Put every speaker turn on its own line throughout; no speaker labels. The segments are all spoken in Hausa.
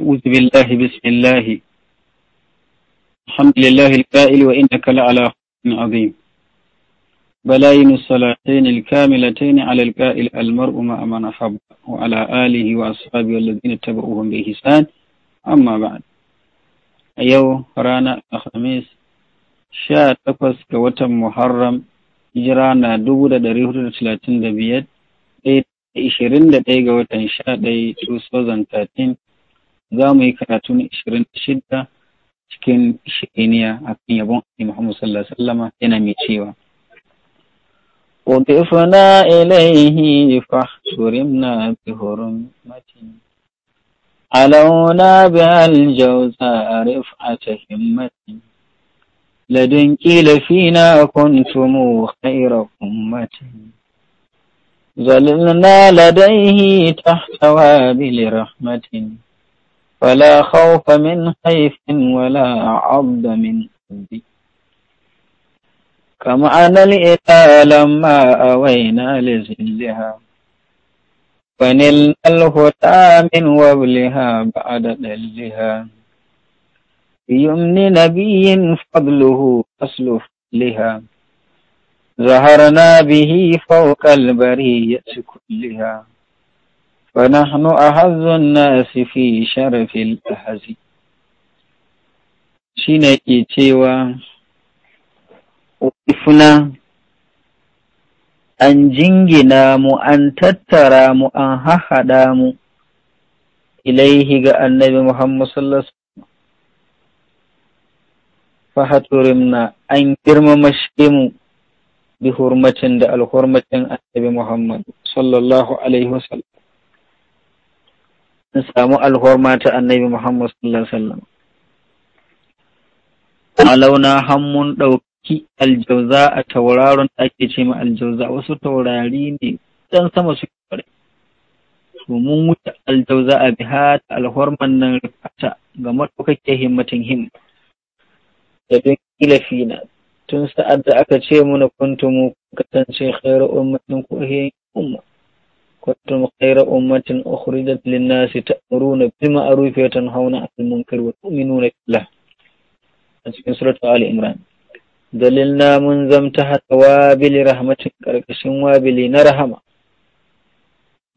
أعوذ بالله بسم الله الحمد لله القائل وإنك لعلى خلق عظيم بلاين الصلاتين الكاملتين على القائل المرء مع من أحب وعلى آله وأصحابه والذين اتبعوهم بإحسان أما بعد yau ranar Alhamis sha takwas ga watan Muharram hijira na dubu da dari hudu da talatin da biyar ɗaya da ishirin da ɗaya ga watan sha ɗaya 2013 za mu yi karatu na ishirin da shidda cikin shi'iniya a kan yabon Ali Muhammad sallallahu Alaihi wasallama yana mai cewa. وضفنا إليه فاحترمنا بهرمته علونا بها a رفعة همته لدن قيل فينا كنتم خير أمة ظللنا لديه تحت وابل رحمة فلا خوف من خيف ولا عض من حب كما أنا لإله لما أوينا لزلها فنلنا الهدى من وبلها بعد دلها يمن نبي فضله أصل فضلها ظهرنا به فوق البرية كلها فنحن أعز الناس في شرف الأحز shine ke cewa ifna an jingina mu an tattara mu an hahada mu ilaihi ga annabi Muhammad sallallahu fahaturimna an girmama shi mu bi hurmacin da alhurmacin annabi Muhammad sallallahu alaihi in samu alhorma ta annabi Muhammad sallallahu alaihi wasallam. Alauna hammun ɗauki aljauza a tauraron da ake ce ma aljauza wasu taurari ne dan sama su kware. To wuce aljauza a biha ta alhorman nan rikata ga maɗaukake himmatin himma. Da bin kilafina tun sa'ad da aka ce mana kuntumu kasance khairu ummatin ku umma. كنتم خير أمة أخرجت للناس تأمرون بالمعروف وتنهون عن المنكر hauna بالله cikin suratul Ali Imran dalilna mun zamta hata wabili rahmatin karkashin wabili na rahama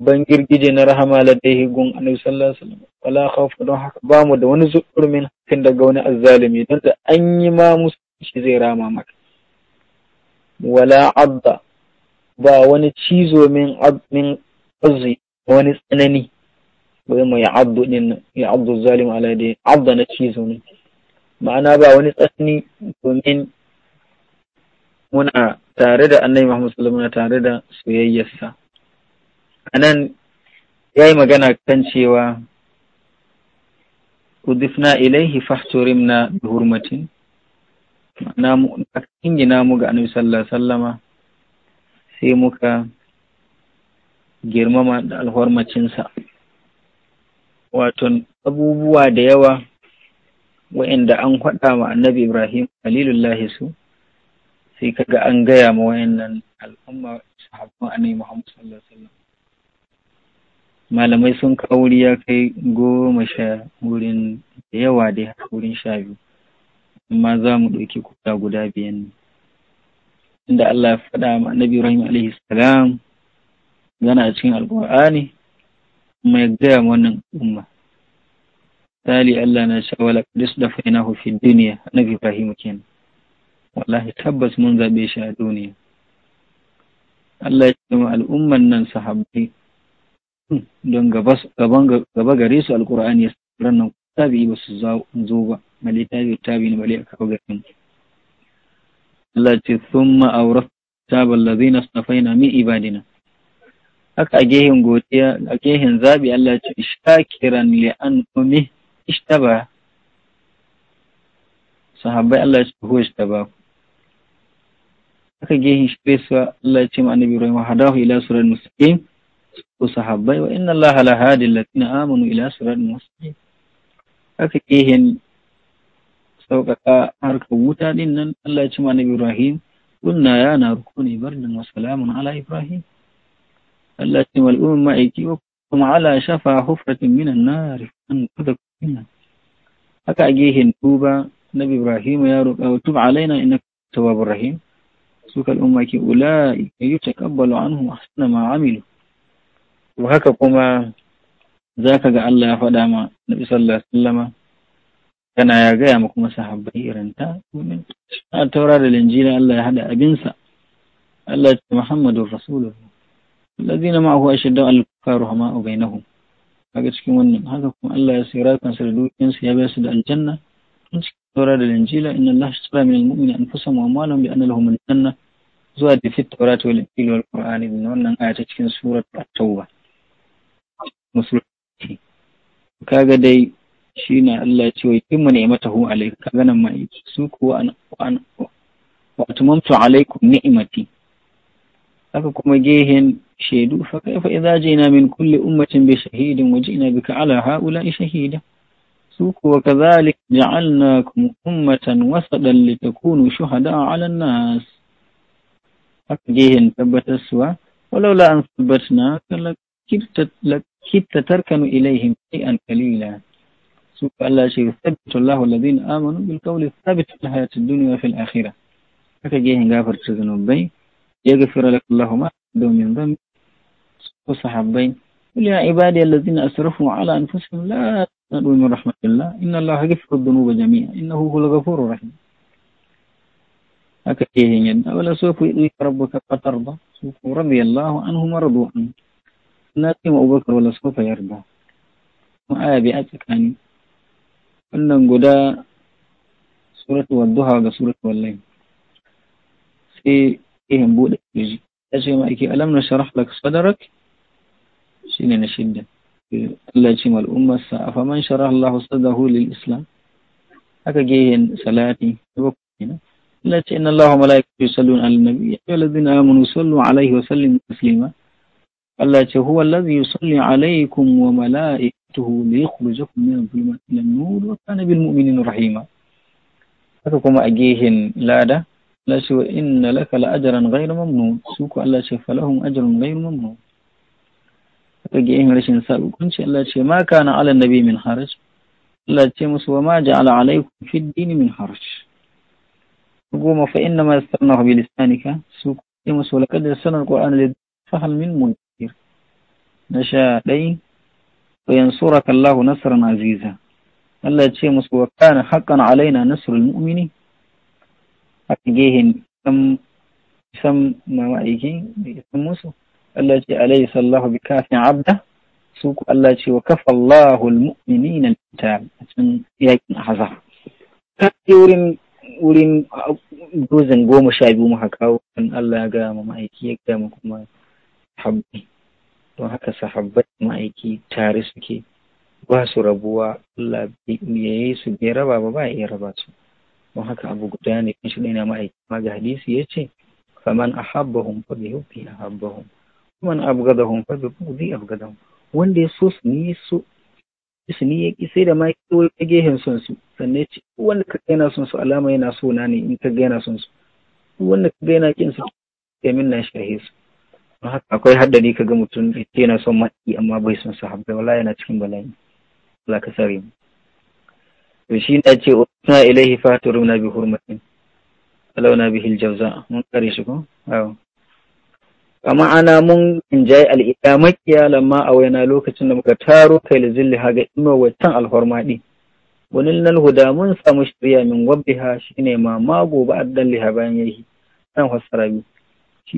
ban girgije na rahama ladaihi gun annabi sallallahu wala khawf don haka ba mu da wani zukurmin hakan daga wani azzalimi don da anyi ma musu shi zai rama maka wala Abba ba wani cizo min min uzzi wani tsanani bai mai abdu din ya abdu zalim ala da abda na cizo ne ma'ana ba wani tsanani domin muna tare da annabi Muhammad sallallahu alaihi tare da soyayyarsa anan yayi magana kan cewa udifna ilaihi fahturimna bi hurmatin ma'ana mu aka mu ga annabi sallallahu alaihi wasallama sai muka girmama da alhormacinsa waton abubuwa da yawa wa'inda an faɗa ma annabi ibrahim khalilullahi su sai kaga an gaya ma wayannan al'umma sahabban annabi muhammad sallallahu alaihi wasallam malamai sun kauri ya kai goma sha wurin da yawa dai wurin sha biyu amma za mu ɗauki kuka guda biyan ne inda Allah ya faɗa ma annabi Ibrahim alaihi salam yana cikin alkur'ani kuma ya gaya wannan umma Tali Allah na sha wala qadis da faina hu fi dunya annabi Ibrahim kenan wallahi tabbas mun zabe shi a duniya Allah ya ce al'umman nan sahabbai hmm, don gaba gare su alkur'ani ya sauran nan tabi ba su zo ba mali tabi tabi ne mali a kawo garin Allah ce thumma awrasna tabal ladina safaina min ibadina haka a gehen godiya a gehen zabi Allah ce shakiran li an umi ishtaba sahabbai Allah ce huwa ishtaba haka gehen shirisuwa Allah ce ma annabi Ibrahim hadahu ila surat mustaqim ko sahabbai wa inna Allah la hadi allatheena amanu ila surat mustaqim haka gehen sauƙaƙa harkar wuta din nan Allah ya ce ma annabi Ibrahim kunna ya na rukuni bardan wa salamun ala Ibrahim Allah ce mal'umin ma'aiki wa kuma ala shafa hufratin minan nar an kuda kuna haka a gehen tuba na Ibrahim ya roƙa wa tub alaina innaka tawwabur Ibrahim. su kal umma ki ulai yutaqabbalu anhum ahsana ma amilu to haka kuma zaka ga Allah ya faɗa ma nabi sallallahu alaihi wasallama kana ya gaya ma kuma sahabbai irin ta domin a taura da linjila Allah ya haɗa abinsa Allah ya ce Muhammadu Rasuluhu الذين معه أشداء على الكفار رحماء بينهم kaga cikin wannan haka kuma Allah ya sayar kan sa da dukiyar ya ba su da aljanna Tun cikin Taurat da Injila inna Allah ishtara min al-mu'mina anfusahum wa amwalahum bi anna lahum al zuwa da fit Taurat wal Injil wal qurani wannan aya ta cikin surat At-Tauba musulunci kaga dai shi na Allah ya ce wa kimma ni'matahu alayka kaga nan ma su kuwa an wato mamtu alaykum ni'mati haka kuma gehen shaidu fa kaifa idza jina min kulli ummatin bi shahidin wa jina bika ala haula'i shahida su kuwa kadhalik ja'alnakum ummatan wasadan litakunu shuhada'a 'ala an-nas haka gehen tabbatarsuwa walaula an sabbatna lakita tarkanu ilaihim shay'an qalila su Allah shi yuthabbitu Allahu alladhina amanu bil qawli thabit fil hayatid dunya wa fil akhirah haka gehen gafarta zanubai yaghfir lak Allahumma domin zan ko sahabbai قل يا عبادي الذين أسرفوا على أنفسهم لا تنادوا من رحمة الله إن الله يغفر الذنوب جميعا إنه هو الغفور الرحيم أكثيرين ولا سوف يؤذيك ربك فترضى سوف رضي الله عنه ورضوا عنه ناتي أبو بكر ولا سوف يرضى وآية بأتك عن أن قدا سورة والضحى وسورة والليل سي in buɗe kirji ya ce ma ake alam na sharaf lak sadarak shi ne na shidda Allah ce ma al'ummarsa a faman sharaf Allah da lil islam haka gehen salati da bakwai Allah ce inna Allah mala'ikatu yusalluna ala nabi ya ayyuhal ladzina amanu sallu alaihi wa sallimu taslima Allah ce huwa alladhi yusalli alaykum wa mala'ikatuhu li yukhrijakum min adh-dhulumati ila an-nur wa kana bil mu'minina rahima haka kuma a gehen lada Allah ce wa inna laka la'ajaran ghairu mamnun su ku Allah ce falahum ajrun ghairu mamnun rage yin rashin sa hukunci Allah ce ma kana ala nabi min haraj Allah ce musu wa ma ja'ala alaikum fi dini min haraj goma fa inna ma yastarnahu bi lisanika su ku ce musu laqad yassana alqur'ana lid fahal min munkir na sha dai wa yansuraka Allah nasran aziza Allah ce musu wa kana haqqan alaina nasrul mu'minin a gehen dan san mamaki san musu Allah ce alayhi sallahu bi kafin abda su ku Allah ce wa kafa Allahu almu'minina al-qital a cikin yakin haza ta wurin wurin dozin goma sha biyu muka kawo kan Allah ya ga mu ma'aiki ya ga mu kuma habbi don haka sahabbai ma'aiki tare suke ba su rabuwa Allah ya yi su bai raba ba ba ya raba su don haka abu guda ne kan shi na ma'aikata ga hadisi ya ce faman ahabbahum fa bi hubbi ahabbahum man abgadahum fa bi bughdi abgadahum wanda ya so su ni so su ni yaki sai da ma ya gehen son su sannan ce wanda ka ga yana son su alama yana so na ne in ka ga yana son su wanda ka ga yana kin su sai min na sharhe su haka akwai haddari kaga mutum yana son maki amma bai son habba wala yana cikin bala'i Allah ka sare mu to shi na ce suna ilaihi faturuna bi hurmatin alauna bihil jauza mun kare shi ko A ana mun injayi al'ida makiya lamma a na lokacin da muka taro kai da zilli haga ima watan alhormaɗi wani nan huda mun samu shirya min ne ma mago gobe addan liha bayan yahi nan fassara bi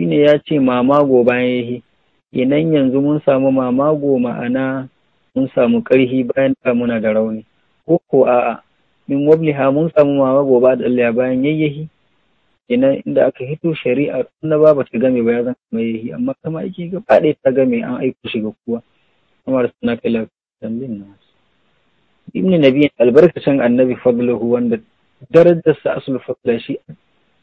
ne ya ce ma gobe bayan yahi inan yanzu mun samu ma go ma'ana mun samu ƙarhi bayan da muna da rauni ko ko a'a min wabliha mun samu mama goba da Allah bayan yayyahi Ina inda aka hito shari'ar annaba ba ta game ba ya zan kuma yayyahi amma kama ake ga faɗe ta game an aiko shi ga kowa kamar suna kai lafiyar bin wasu. ibn nabi albarkacin annabi fadluhu wanda darajarsa asul fadla shi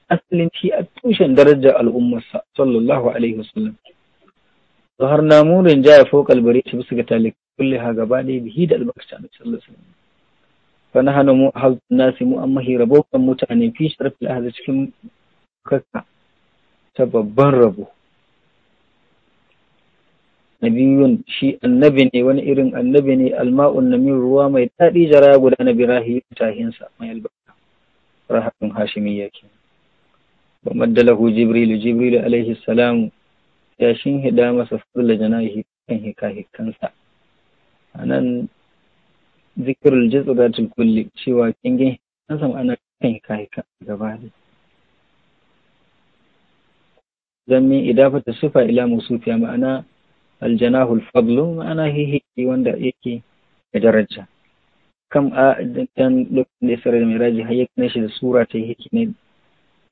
asalin shi a tushen darajar al'ummarsa sallallahu alaihi wasallam har namurin jaya fokal bare shi bisa ga talik kulli ha gaba ɗaya bihi da albarkacin annabi sallallahu alaihi wasallam fa nahnu mu nasi mu amma hirabokan mutane fi sharfil ahli cikin kaka ta babban rabo nabiyun shi annabi ne wani irin annabi ne alma'un namin ruwa mai daɗi jara guda na birahi tahinsa mai albarka rahatun hashimiyya ke ba maddalahu jibrilu jibrilu alaihi salamu ya shin hida masa fadla janahi kan hika hikansa anan zikirul jazratul kulli cewa kin ga an samu ana kan kai ka gaba da zammi idafata sufa ila musufiya ma'ana aljanahul fadlu ma'ana hihi wanda yake da daraja kam a dan lokacin da Isra'il mai raji har ya nashi shi da sura ta yi ne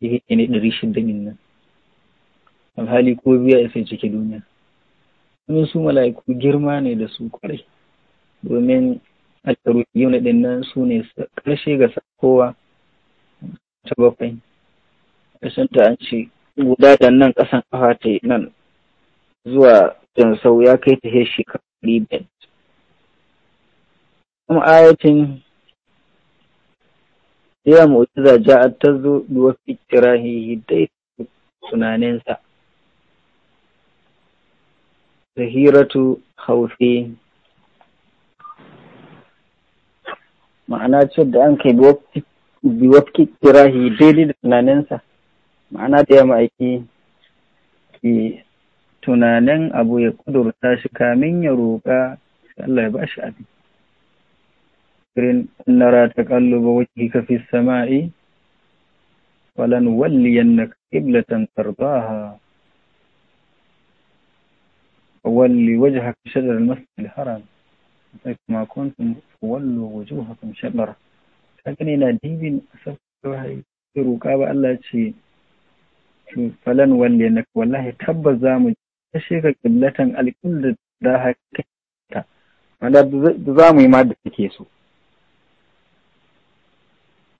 ne ɗari shida min nan alhali ko biya ya isa cike duniya domin su mala'iku girma ne da su kwarai domin ashirin din nan su ne karshe ga kowa ta bakwai ƙarshen ta an ce guda da nan ƙasan ƙafa ta nan zuwa jansau ya kai ta heshi kari bed kuma ayatin ya mu'jiza ja'at tazu bi wafi tirahihi dai tunaninsa zahiratu haufi ma'ana ce da an kai biwafki kirahi daidai da tunaninsa ma'ana da ya ma'aiki ki tunanin abu ya kudurta shi kamin ya roƙa Allah ya shi abi irin nara ta ba wacce ka fi sama'i walan walliyan na ƙiblatan tarbaha walli waje haka shadar masu haram ma kuntum tuwallu wujuhakum shatara kaga ne na dibin sabar sai roƙa ba Allah ce to falan walle na wallahi tabbas za mu kashe ka kiblatan alƙibla da za mu yi ma da take so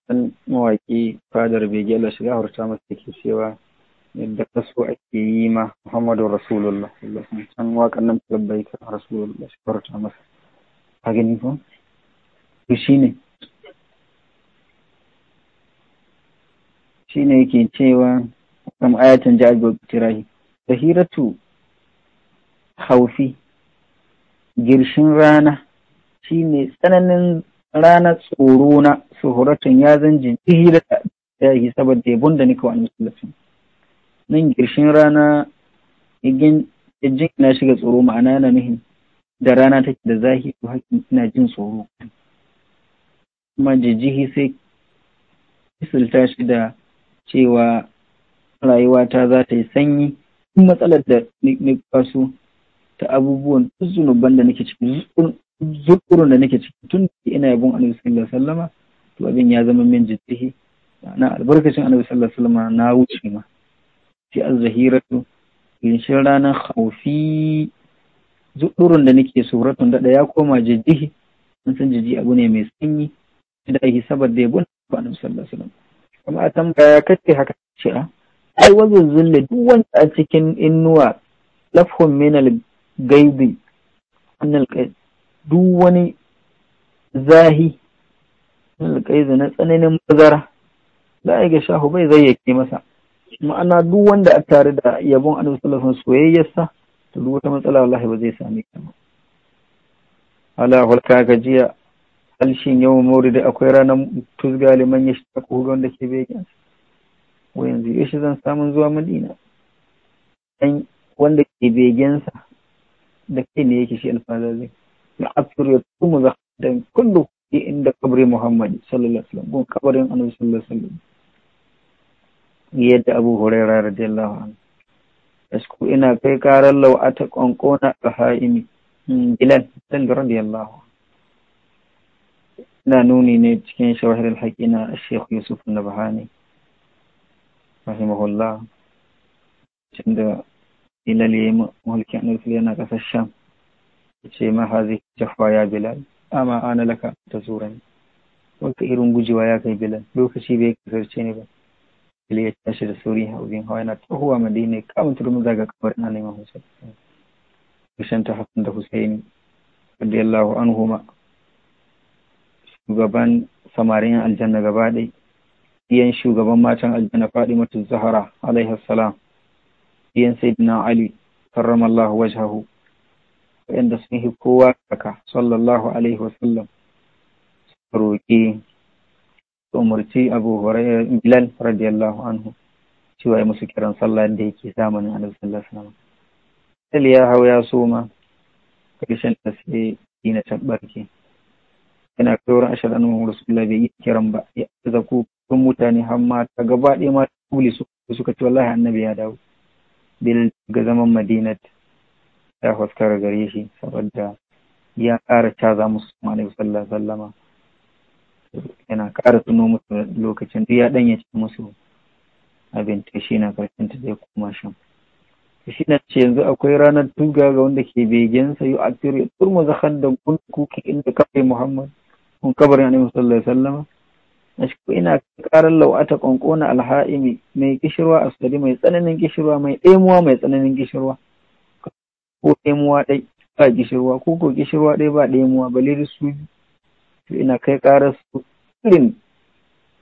dan mawaƙi fadar bege Allah shiga hurta masa ke cewa yadda kaso ake yi ma Muhammadu Rasulullah sallallahu alaihi wasallam waƙan nan labbaika Rasulullah shiga masa ka shine yake cewa kam ayatan ja'al haufi girshin rana shine tsananin rana tsoro na suhuratun ya zan jinjihi da yi saboda yabon da nika wani musulafin nan girshin rana igin na shiga tsoro ma'ana na nuhin da rana take da zahi ko hakin ina jin tsoro kuma jijjihi sai kisulta shi da cewa rayuwata za ta yi sanyi in matsalar da ni kwaso ta abubuwan zunuban da nake ciki zukurun da nake ciki tun da ina yabon annabi sallallahu alaihi wasallama to abin ya zama min jijjihi na albarkacin annabi sallallahu alaihi wasallama na wuce ma fi azhiratu ginshin ranar haufi zuɗurun da nake suratun da ya koma jijjihi mun san jijji abu ne mai sanyi da ake da ya gona ba annabi sallallahu alaihi wasallam kuma a tambaya kace haka ce a ah, ai wazin zulle duk wanda a cikin innuwa lafhun min gaibi annal duk wani zahi min al na tsananin bazara a ai ga shahu bai zai yake masa ma'ana duk wanda a tare da yabon annabi sallallahu alaihi wasallam soyayyarsa duk wata matsala Allah ba zai sami ka ba ala hulka gajiya alshin yau da akwai ranar tuzga liman ya shi hudu wanda ke begin ko yanzu ya shi zan samun zuwa madina dan wanda ke begensa da kai ne yake shi alfazazin na afir ya tumu za da kullu ke inda kabri muhammad sallallahu alaihi wasallam gun kabarin annabi sallallahu alaihi wasallam yadda abu hurairah radiyallahu anhu yasku ina kai karar lau'ata ƙwanƙona ƙaha'imi hmm, bilal bilal radiyallahu ina nuni ne cikin shawarar alhaƙi na shekhu yusuf na bahani rahimahullah cikin da bilal ya yi mulkin nufi yana ƙasar sham ya ce ma hazi jafa ya bilal ama ana laka ta tsoron wata irin gujewa ya kai bilal lokaci bai kasarce ne ba Ali ya tashi da sauri hauzin hawa yana tsohuwa madina kamun turmi zaga kamar ina neman Hussein. Ƙarshen ta hakan da Hussein radiyallahu anhuma shugaban samarin aljanna gaba ɗai iyan shugaban matan aljanna Fadimatu Zahra alaihi salam iyan Sayyidina Ali karramallahu wajhahu waɗanda sun yi kowa kaka sallallahu alaihi wasallam roƙe su umarci abu bilal radiyallahu anhu cewa ya musu kiran sallah da yake zamanin annabi sallallahu alaihi wasallam ya hau ya soma karshen da sai dina tabbarke yana kai wurin ashar annabi rasulullah bai yi kiran ba ya zaku tun mutane har mata gaba ɗaya ma kuli suka ce wallahi annabi ya dawo bilal ga zaman madinat ya huskara gare shi saboda ya ƙara caza musu alaihi sallallahu alaihi yana ƙara tuno musu lokacin duk ya ɗan ya ci musu abin ta shi na ƙarfin ta zai koma shan shi na ce yanzu akwai ranar tuga ga wanda ke begensa yau asiru ya turma zahar da gun kuka inda kafa muhammad kun kabarin annabi sallama Na shi ko ina karar lau'ata ƙwanƙona Alha'i mai kishirwa a sari mai tsananin kishirwa mai ɗemuwa mai tsananin kishirwa ko ɗemuwa ɗai ba kishirwa ko ko kishirwa ɗai ba ɗemuwa balle da su to ina kai ƙarar su irin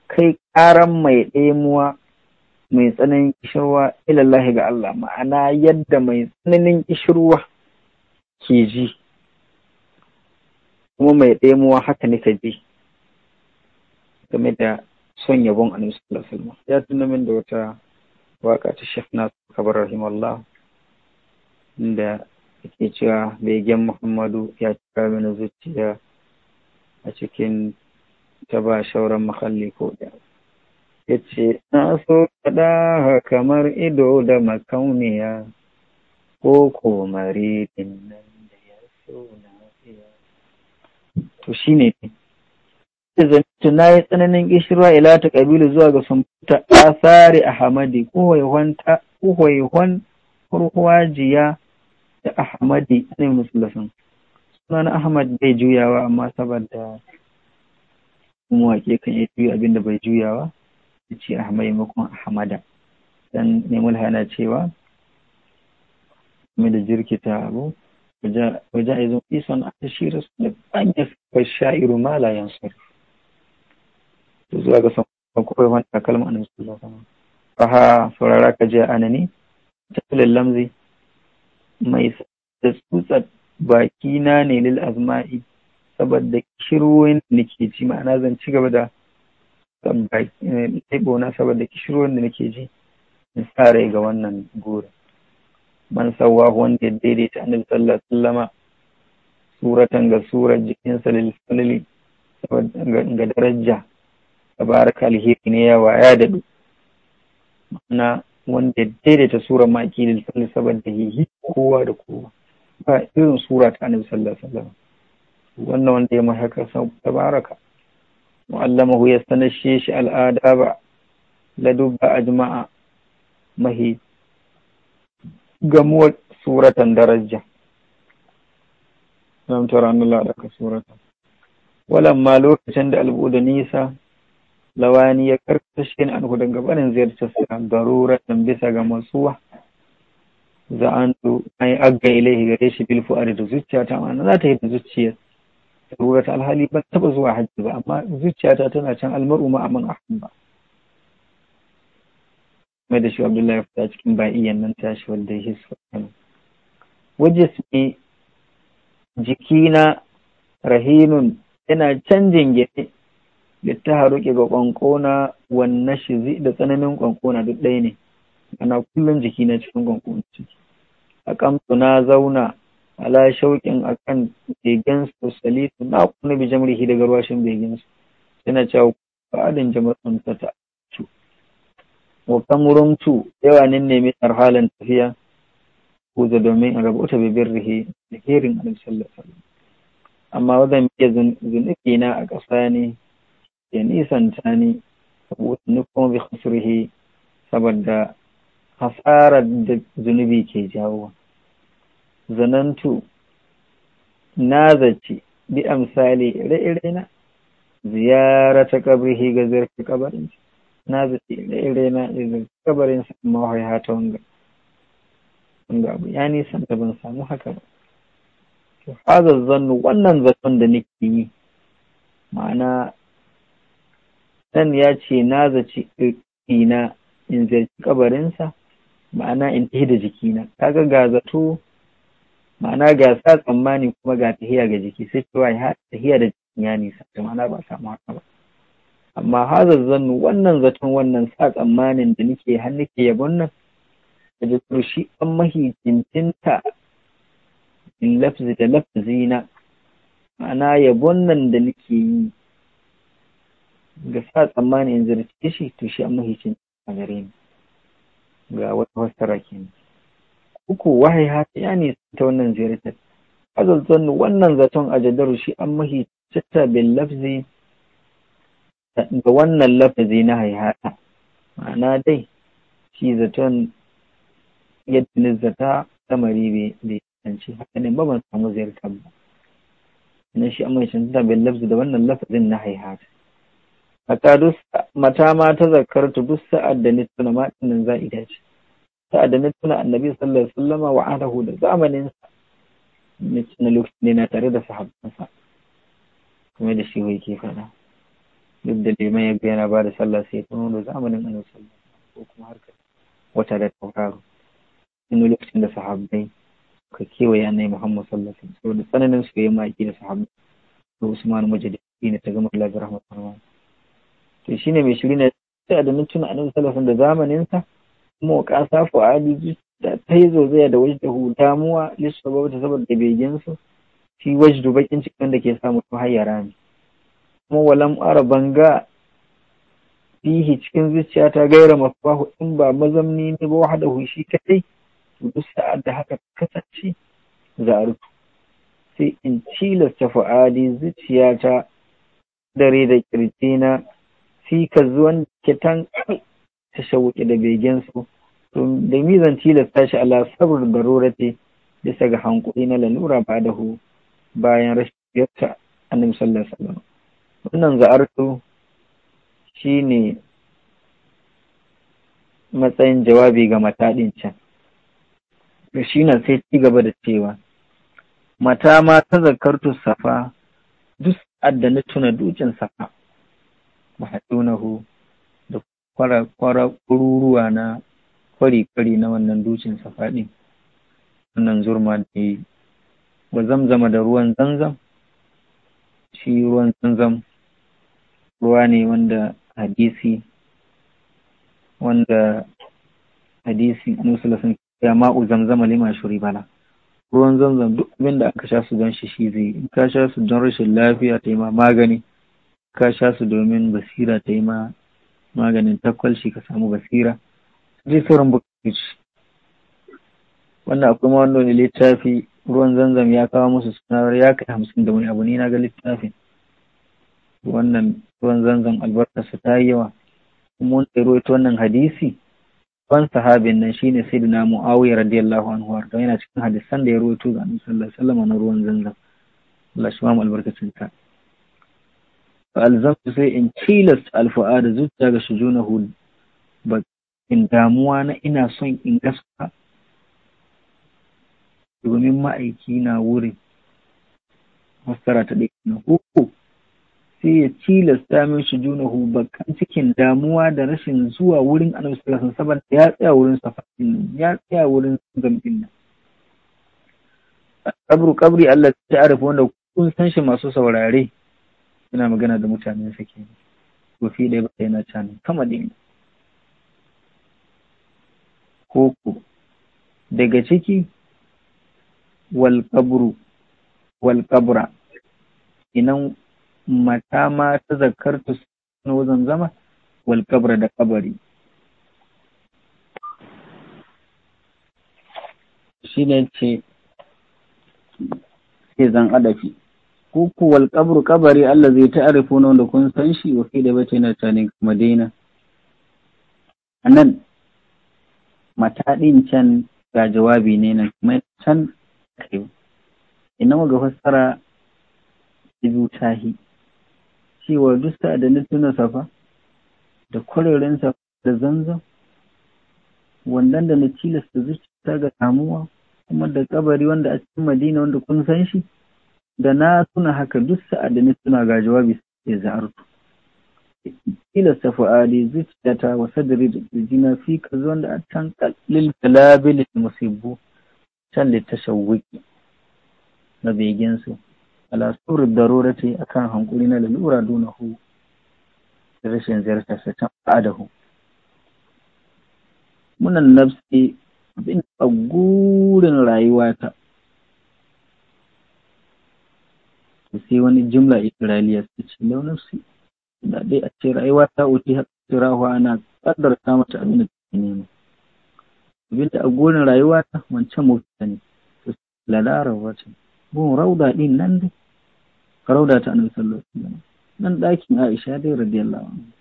kai ƙaran mai ɗemuwa mai tsananin kishirwa ilallahi ga Allah ma'ana yadda mai tsananin kishirwa ke ji kuma mai ɗemuwa haka nika ji game da son yabon a sallallahu da salma. ya tuna min da wata waka ta Sheikh Nasir Kabar rahimallah inda yake cewa begen Muhammadu ya cika mini zuciya a cikin ta ba shauran mahalli ko da ya ce na so faɗa kamar ido da makauniya ko komari nan da ya so na iya to shi ne na yi tsananin gishirwa ila ta ƙabilu zuwa ga sumbuta asari a hamadi kuhwaihwan jiya da ahamadi ne musulasin sunan ahmad bai juyawa amma saboda mawaƙi kan iya juya abin da bai juyawa ya ce a maimakon Ahmada. dan nemul hana cewa mai da ta abu wajen a ison a ta shi rasu da banya bai sha'iru malayan su. su zuwa ga san kawai wani takalma anan su alaihi aha saurara ka je anani ta lamzi mai da tsutsar baki na ne lil azma'i saboda kishirwoyin da nake ji ma'ana zan ci gaba da taibo eh, na saboda kishirwoyin da nake ji in sa rai ga wannan gore man sawa wanda ya daidaita annabi sallallahu alaihi wasallama suratan ga surar jikinsa lil salili ga daraja tabaraka alheri ne yawa ya dadu ma'ana wanda ya daidaita surar maki lil salili saboda hihi kowa da kowa ba irin sura ta annabi sallallahu alaihi wasallam wannan wanda ya mahaka san tabaraka mu'allamahu ya sanashe shi al'ada ba ladubba ajma'a mahi gamuwar suratan daraja zan tara an ladaka suratan ma lokacin da albuda nisa lawani ya karkashe ni an hudan gabanin ziyartar sa daruratan bisa ga masuwa. za an an agga ilaihi gare shi bilfu a da zuciya ta ma'ana za ta yi da zuciya ruwa ta alhali ba taba zuwa hajji ba amma zuciyata tana can almar'u ma aman ahmad mai da shi abdullahi ya fita cikin ba'iyan nan tashi wanda ya su ne jikina rahinun yana canjin gine da ta haruƙe ga ƙwanƙona wannan shi da tsananin ƙwanƙona duk ɗaya ne ana kullum jiki na cikin gwangon ciki akamtu na zauna ala shauƙin akan begen su salitu na kuna bi jamrihi daga ruwashin begen su yana cewa fa'adin jama'un ta ta su wa su yawa nin nemi tarhalan tafiya ko da domin a rabota bibir rihi da herin alaihi amma wadan iya zunubi na a ƙasa ne ya nisan ta ne, saboda nufin bi khasrihi saboda hasarar da zunubi ke jawo zanantu na zaci bi amsali ire-ire na ziyara ta kabrihi ga zirfi kabarin na zaci ire-ire na zirfi kabarin sa amma wai hata wanga wanga abu ya nisan da ban samu haka ba to hazar zannu wannan zaton da nake yi ma'ana nan ya ce na zaci ina in zirfi kabarinsa ma'ana in tahi da jikina kaga ga zato ma'ana ga sa tsammani kuma ga tahiya ga jiki sai cewa ya tahiya da jikin ya nisa da ma'ana ba samu haka ba amma hazar zannu wannan zaton wannan sa tsammanin da nake har nake yabon nan da zato shi an mahi cincinta in lafzi da lafzi na ma'ana yabon nan da nake yi ga sa tsammanin zirce shi to shi an mahi cincinta gare ni ga wata fassara kenan uku wahai hata ya ne ta wannan ziyartar azal zannu wannan zaton a jadaru shi an mahi citta bin lafzi da wannan lafzi na haihata ma'ana dai shi zaton yadda nizzata samari bai kanci haka ne ba ban samu ziyartar ba na shi an mahi citta bin lafzi da wannan lafzin na haihata mata ma ta zakartu duk sa'ad da ni tuna ma dinnan za'ida ce sa'ad da ni annabi sallallahu alaihi wasallama wa ahdahu da zamanin sa ni tuna lokacin ne na tare da sahabbansa kuma da shi wai ke faɗa duk da dai, ya ga yana ba da sallah sai ta da zamanin annabi sallallahu alaihi ko kuma harkar wata da tauraro in lokacin da sahabbai ka kewaye annabi muhammad sallallahu alaihi wasallam saboda tsananin soyayya ma da sahabbai Usman Mujahid ne ta gama Allah rahmatullahi to shine mai shiri na da na tuna annabi sallallahu da zamanin sa kuma kasa fu'ali da ta yi zozaya da wajdahu damuwa lissu ta saboda begin su shi wajdu bakin cikin da ke samu su hayyara ne kuma walam ara banga fihi cikin zuciya ta gaira mafahu in ba mazamni ne ba hu shi kai to duk sa'ad da haka kasance za'artu sai in tilasta fu'adi ta dare da kirjina sika zuwan kitan ta shawuki da begensu da mizan tilasta shi ala sabr darurati bisa ga hankuri na lalura ba da hu bayan rashin annabi sallallahu alaihi wasallam wannan za'artu shine matsayin jawabi ga matadin can shi na sai ci gaba da cewa mata ma ta zakartu safa duk addani tuna dukin safa dunahu da ƙwaruruwa na kwari-kwari na wannan dutsen safa wannan zurma da ya yi zamzama da ruwan zanzam shi ruwan zanzam ruwa ne wanda hadisi wanda hadisi musulasun ya ma'u zamzama lima shuri bala ruwan zanzam duk abin da aka sha su don shi shi zai ka sha su don rashin lafiya ta yi ma magani ka sha su domin basira ta yi ma maganin takwalci ka samu basira zai sauran bukaci wannan akwai ma wanda wani littafi ruwan zanzam ya kawo musu suna ya kai hamsin da wani abu ne na ga littafin wannan ruwan zanzam albarkarsa ta yi yawa kuma wanda ya rawaito wannan hadisi ban sahabin nan shine namu muawiya radiyallahu anhu da yana cikin hadisan da ya rawaito ga annabi sallallahu alaihi wasallam na ruwan zanzam Allah shi ma albarkacin ta sai in فألزمت سي إن تيلس الفؤاد زوجة سجونه in damuwa na ina son in gaska domin ma'aiki na wuri, masara ta ɗaya na koko sai ya tilasta min su juna bakan cikin damuwa da rashin zuwa wurin annabi sallallahu saboda ya tsaya wurin safarin nan ya tsaya wurin zambin nan kabru kabri Allah ta arifa wanda kun san shi masu saurare ina magana da mutane sa ke kofi ɗaya ba yana can kama ko koko daga ciki wal kabru wal mata ma ta zakartu suna wajen wal Walƙabra da ƙabari. shi ne ce ke zan adafi kuku kuwal kabru kabari Allah zai ta'arifu na wanda kun san shi wa da bace na tani madaina anan mataɗin can ga jawabi ne na kuma can ina ga fassara biyu tahi cewa duk da na tuna safa da kwarorin safa da zanzan wannan da na tilasta zuciya ga kamuwa kuma da kabari wanda a cikin madina wanda kun san shi da na tuna haka duk sa'ad da na ga jawabi sai za'artu ila safu'ali zuciyata wa sadri da kirjina fi ka zuwan da atan kallil kalabil musibu can da tashawwiki na begin su ala ce a kan hankuri na lalura hu da rashin ziyartar sa can adahu munan nafsi bin a gurin rayuwata sai wani jimla Isra'iliya su ce su da dai a ce rayuwa ta wuce haƙƙirahu ana ta mata abin da take nema. Abin da a gonar rayuwa ta wancan mota ne, to lalarar ce. Gun rauda ɗin nan dai, rauda ta annabi sallallahu alaihi wasallam. Nan ɗakin Aisha dai radiyallahu anha.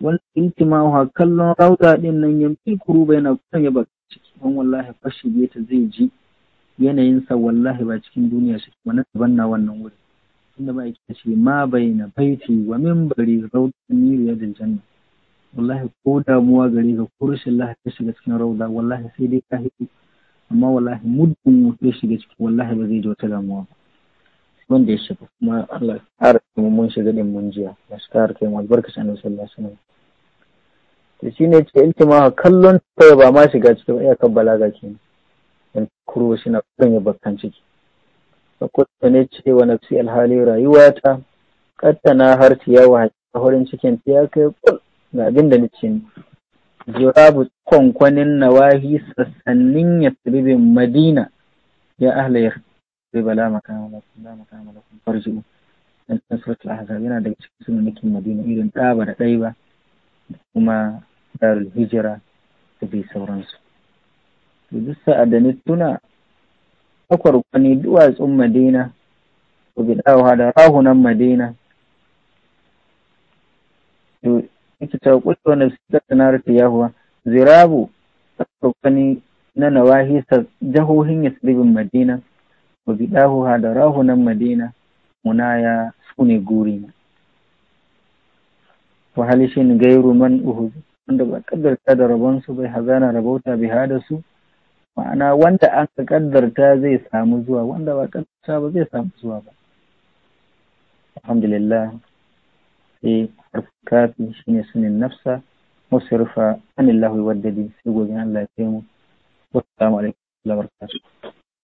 Wani intimahu wa kallon rauda ɗin nan yamfi kuru bai na kusan ya baka ciki, wan wallahi fashe ta zai ji yanayinsa wallahi ba cikin duniya shi, wani tabanna wannan wuri. inda ba ya ce ma bai na baiti wa min bari mimbari raudani da janna wallahi ko damuwa gare ka ko rashin lahi ta shiga cikin rauda wallahi sai dai ka hidu amma wallahi muddin mutum ya shiga cikin wallahi ba zai ji wata damuwa ba wanda ya shiga kuma Allah ya har mu mun shiga din mun jiya ya kai mu barka sanin sallallahu alaihi wasallam to shine ce iltima kallon ta ba ma shiga cikin iyakar balaga kenan dan kuro shi na kan ya bakkan ciki ka kwatane cewa nafsi alhali rayuwata kattana har ciyawa a horin cikin ya kai kul ga abin da nace ni jirabu kwankwanin nawahi sassanin ya tsibibin madina ya ahla ya zai bala makama lakun farji'u dan san suratul ahzab yana daga cikin sunanakin madina irin ba da ɗai ba da kuma darul hijira da bai sauransu to duk sa'ad da ni tuna akwarkwani duwatsun madina ku bi dawa da rahunan madina ita ta kuto na sanar ta yahuwa zirabu akwarkwani na nawahi sa jahohin yasribin madina ku bi da rahunan madina munaya su ne guri wa halishin gairu man uhu wanda ba kaddarta da rabonsu bai hazana rabauta bai hada su ma'ana wanda an kaddarta zai samu zuwa wanda ba kaddarta ba zai samu zuwa ba alhamdulillah sai shi ne sunin nafsa rufa anillahu wadda sai gobe Allah ya kai mu wassalamu alaikum wa